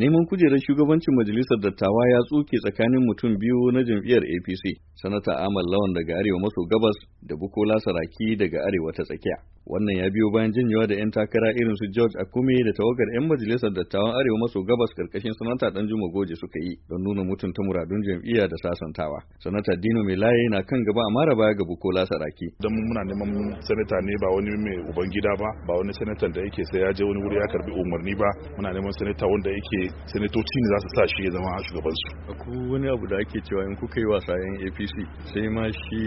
Neman kujerar shugabancin majalisar dattawa ya tsuke tsakanin mutum biyu na jam'iyyar APC, Sanata Amal Lawan daga Arewa maso gabas da Bukola Saraki daga Arewa ta tsakiya. wannan ya biyo bayan janyewa da 'yan takara irin su George akumi da tawagar 'yan majalisar dattawan Arewa maso gabas karkashin sanata Danjuma Goje suka yi don nuna mutunta muradun jam'iyya da sasantawa. Sanata Dino mai laye na kan gaba a mara baya ga Bukola Saraki. Dan muna neman sanata ne ba wani mai ubangida ba, ba wani sanatan da yake sai ya je wani wuri ya karbi umarni ba, muna neman sanata wanda yake sanatoci ne za su sa shi ya zama shugaban su. Akwai wani abu da ake cewa in kuka yi wasa yan APC sai ma shi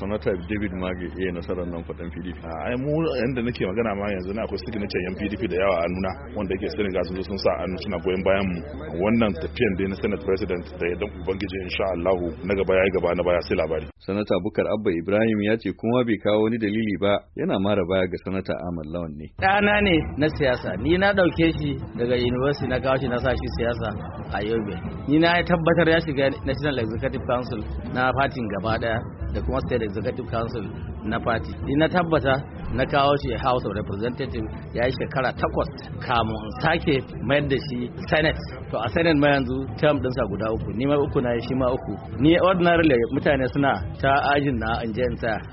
sanata David Mage iya nasarar nan fadan PDP. a mu yanda nake magana ma yanzu na akwai signature yan PDP da yawa a nuna wanda yake sun gasu sun zo sun sa hannu suna goyon bayan mu wannan tafiyan da na Senate President da ya dan ubangiji insha Allah na gaba yayi gaba na baya sai labari Sanata Bukar Abba Ibrahim ya ce kuma bai kawo wani dalili ba yana mara baya ga Sanata Ahmad Lawan ne ɗana ne na siyasa ni na ɗauke shi daga university na kawo shi na sa shi siyasa a yobe ni na tabbatar ya shiga national executive council na fatin gaba daya da kuma state executive council na party ni na tabbata na kawo shi house of representative ya yi shekara takwas kamun sake mayar da shi senate to a senate ma yanzu term dinsa guda uku ni ma uku na yi shi ma uku ni ordinarily mutane suna ta ajin na in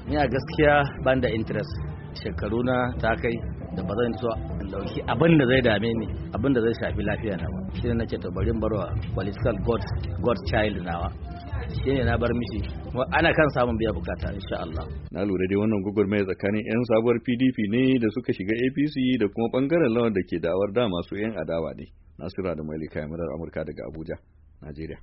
ni a gaskiya ban da interest shekaru na ta kai da ba zan so in dauki abin da zai dame ni abin da zai shafi lafiya na ba shi ne nake tabarin barwa political god god child nawa shi ne na bar mishi ana kan samun biya bukata insha Allah na lura dai wannan gwagwarmaya tsakanin yan sabuwar PDP ne da suka shiga APC da kuma bangaren lawan da ke dawar da masu yan adawa ne Nasira da Malika murar Amurka daga Abuja Najeriya